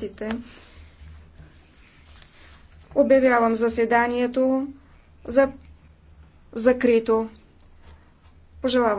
гостите. Обявявам заседанието за закрито. Пожелавам